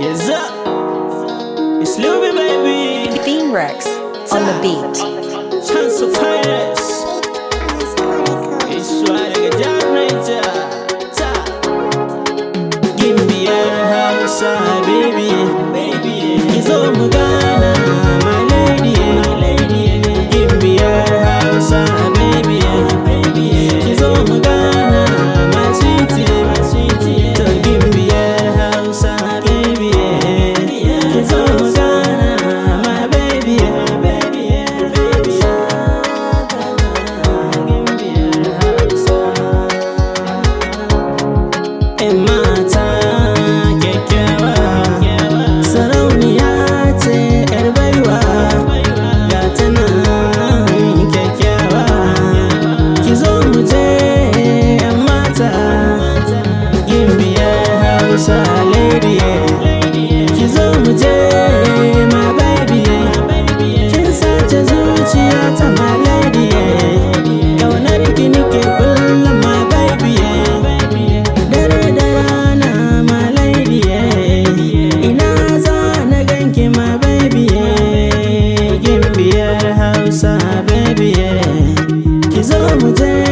Yes, It's Lil baby. Theme Rex on the beat. Chance of finance. lady ki zo my baby kin sace zuciya ta my lady kaunar ki nake kullum my baby dare da rana my lady ina za na ganki my baby gimbiyar hausa baby kizo muje